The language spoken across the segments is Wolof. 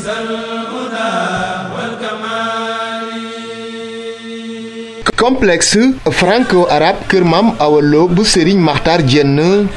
Zal complexe franco arabe kër maam Awa bu Serigne Makhtar jén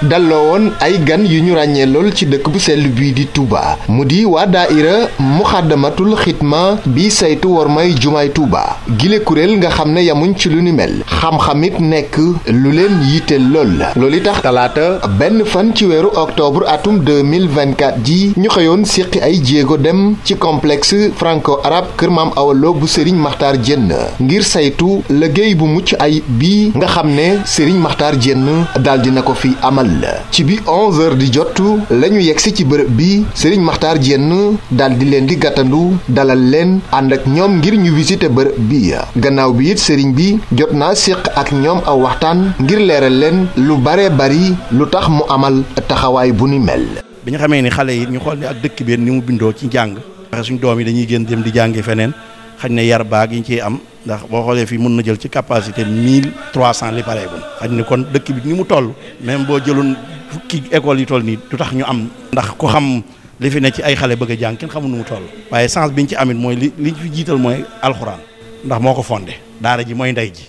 dalloo woon ay gan yu ñu ràññee lool ci dëkk bu sell bii di Touba mu di waa daaira muxaddamatul xitma bi saytu war may jumaay Touba gile kuréel nga xam ne yamuñ ci lu ni mel xam-xamit nekk lu leen yitteel lool loolu tax talaata benn fan ci weeru octobre atum 2024 ji ñu xëyoon séqi ay jéego dem ci complexe franco arab kër maam Awa Lo bu Serigne Makhtar Diène ngir saytu la géey bu mucc ay bi nga xam ne Serigne maxtar Diène daal na ko fi amal ci bi 11h di jot la ñu yegsi ci bërëb bi Serigne maxtar Diène daal di leen di gàttandu dalal leen ànd ak ñoom ngir ñu visiter bërëb bi gannaaw bi it sëriñ bi jot naa séq ak ñoom aw waxtaan ngir leeral leen lu bare bari lu tax mu amal taxawaay bu ni mel. bi ñu xamee ni xale yi ñu xool ni ak dëkk bi ni mu bindoo ci jàng. suñ doom yi dañuy génn dem di jàngi feneen. xañ na yar baag gi ñu ciy am ndax boo xoolee fii mun na jël ci capacité mille trois cent li pareegul xañ ne kon dëkk bi ni mu toll même boo jëloon fukki école yi toll nii du tax ñu am ndax ku xam li fi ne ci ay xale bëgg a jàng kenn xamul nu mu toll waaye sens bi ñu ci amit mooy li li fi jiital mooy alxuraan ndax moo ko fondé daara ji mooy ndey ji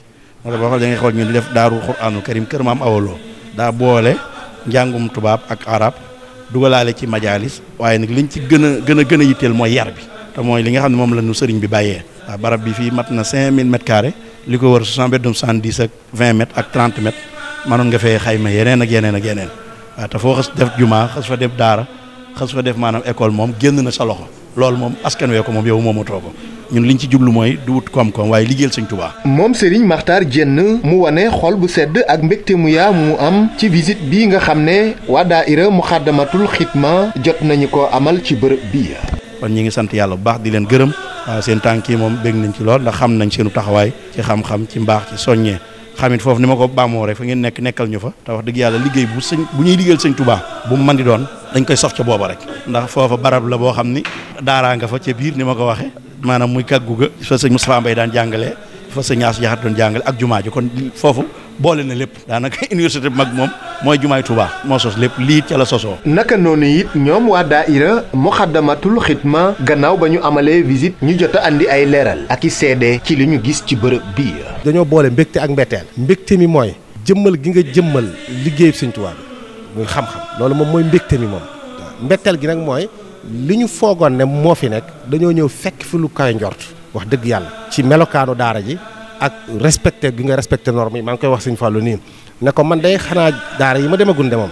moo tax boo xoolee da ngay xool ñu def daaru xuraanul karim kër am awaloo daa boole njàngum tubaab ak arab dugalaale ci majalis waaye nag liñ ci gën a gën a gën a yitteel mooy yar bi te mooy li nga xam ne moom la ñu sëriñ bi bàyyee waaw barab bi fii mat na 5000 mètres carrés li ko war wër 70 ak 20 mètres ak 30 mètres mënoon nga fee xayma yeneen ak yeneen ak yeneen waaw te foo xas def jumaa xas fa def daara xas fa def maanaam école moom génn na sa loxo lool moom askan wee ko moom yow moom moomatoo ko ñun liñ ci jublu mooy du wut koom-koom waaye liggéeyal Sëñ Tuubaa moom Serigne Makhtar Diène mu wane xol bu sedd ak mbégte mu yaa mu am ci visite bi nga xam ne waa daayira Muxaddamatul Xidma jot nañu ko amal ci bërëb bi kon ñi ngi sant yàlla bu baax di leen gërëm seen tànk yi moom bég nañ ci lool ndax xam nañ seenu taxawaay ci xam-xam ci mbaax ci soññee xamit foofu ni ma ko baamoo rek rek ndax barab la boo xam ni daaraa nga fa ca biir ni ma ko waxe maanaam muy kàggu ga fa sëñ Moustapha Mbaye daan jàngalee fa sëñ Ass Jaxate doon jàngale ak jumaa ji kon foofu boole na lépp daanaka université bi mag moom mooy jumaay Touba moo sos lépp lii ca la sosoo. naka noonu it ñoom waa daaira muxaddamatul xidma gannaaw ba ñu amalee visite ñu jot a indi ay leeral ak i seede ci li ñu gis ci bërëb bii. dañoo boole mbégte ak mbetteel. mbégte mi mooy jëmmal gi nga jëmmal liggéey Sëñ Touba muy xam-xam loolu moom mooy mbégte mi moom mbetteel gi nag mooy li ñu foogoon ne moo fi nekk dañoo ñëw fekk fi lu kawe njort wax dëgg yàlla ci melokaanu daara ji. ak respecté gi nga respecté normes yi maa ngi koy wax sëñ Fallou nii ne ko man dey xanaa daara yi ma demagun de moom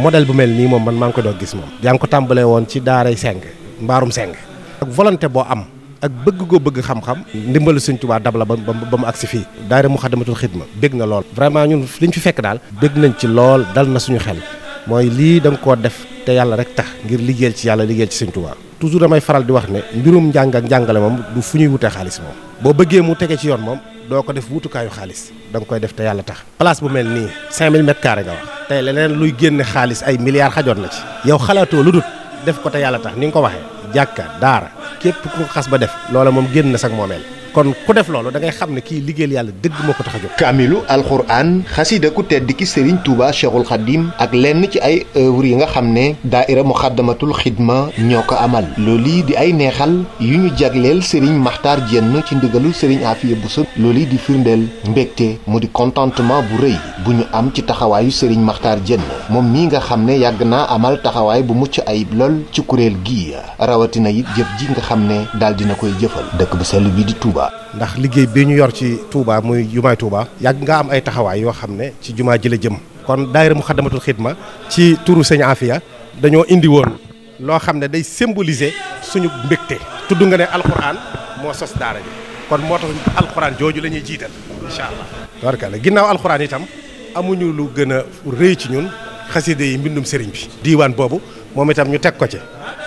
modèle bu mel nii moom man maa ngi ko doon gis moom. yaa ngi ko tàmbalee woon ci daaray seng mbaarum seng. ak volonté boo am ak bëgg koo bëgg xam-xam. ndimbalu sëñ Tuubaa dab la ba ba mu agsi fii. daara Muxaddamatul Xidma bég na lool. vraiment ñun ñu fi fekk daal. bég nañ ci lool dal na suñu xel mooy lii da nga koo def. te yàlla rek tax ngir liggéeyal ci yàlla liggéeyal ci sëñ Tuubaa toujours damay faral di wax ne mbirum njàng ak njàngale moom du fu ñuy wutee xaalis moom boo bëggee mu tege ci yoon moom doo ko def wutukaayu xaalis danga koy def te yàlla tax place bu mel nii 5000 mètres carrés nga wax tey leneen luy génne xaalis ay milliards xajoon na ci yow xalaatoo lu dul def ko te yàlla tax ni nga ko waxee jàkka daara képp ku ko xas ba def loola moom génn na moo moomeel kon ku def loolu da ngay xam ne kii liggéeyal yàlla dëgg moo ko tax a jóg kaamilu alxuraan xasida ku tedd ki Serigne Touba Cheikhul Khadim ak lenn ci ay œuvre nga xam ne daaira muxaddamatul xidma ñoo ko amal loolu di ay neexal yu ñu jagleel Serigne Makhtar Diène ci ndigalul Serigne Afia Bousso loolu di firndeel mbégte mu di kontantement bu rëy bu ñu am ci taxawaayu Serigne Makhtar Diène moom mii nga xam ne yàgg naa amal taxawaay bu mucc ay lool ci kuréel gii rawatina it jëf ji nga xam ne daal dina koy jëfal dëkk bu sell bi di Touba Touba. ndax liggéey bi ñu yor ci tuubaa muy jumaay Touba. yàgg nga am ay taxawaay yoo xam ne ci jumaa jële jëm. kon daayira mu xaddamatul xidma ci turu sëñ Afia dañoo indi woon loo xam ne day symboliser suñu mbégte. tudd nga ne alxuraan moo sos daara ji kon moo tax alxuraan jooju la ñuy jiital incha allah. tabarkalla ginnaaw alxuraan tam amuñu lu gën a rëy ci ñun xaside yi mbindum sëriñ bi. diiwaan boobu moom itam ñu teg ko ci.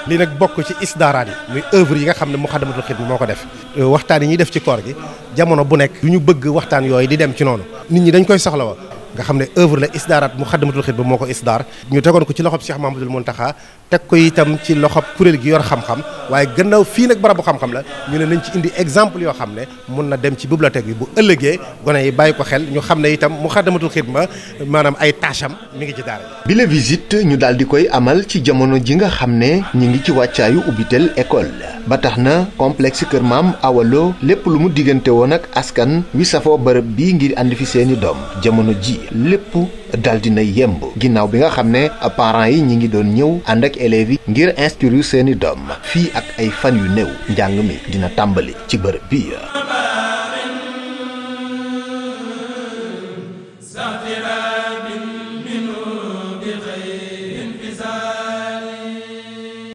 li nag bokk ci isdaaraat yi muy œuvre yi nga xam ne Muxaddamatul Xidma moo ko def euh, waxtaan yi ñuy def ci koor gi jamono bu nekk du ñu bëgg waxtaan yooyu di dem ci noonu nit ñi dañ koy soxla wa nga xam ne œuvre la isdaaraat mu xaddamatul xidma moo ko isdaar ñu tegoon ko ci loxob Cheikh Mahamadul Muntaxa teg ko itam ci loxob kuréel gi yor xam-xam waaye gannaaw fii nag barabu xam-xam la ñu ne nañ ci indi exemple yoo xam ne mun na dem ci bibliothèque bi bu ëllëgee gone yi bàyyi ko xel ñu xam ne itam mu xaddamatul xidma maanaam ay tâcham mi ngi ci daara bi la visite ñu daal di koy amal ci jamono ji nga xam ne ñu ngi ci wàccaayu ubbiteel école ba tax na complexe kër maam Awa lépp lu mu diggante woon ak askan wi safoo bërëb bi ngir andi fi seeni doom jamono ji lépp dal dina yemb ginnaaw bi nga xam ne parents yi ñi ngi doon ñëw ànd ak élèves yi ngir instruire seeni doom fii ak ay fan yu néew njàng mi dina tàmbali ci bërëb bi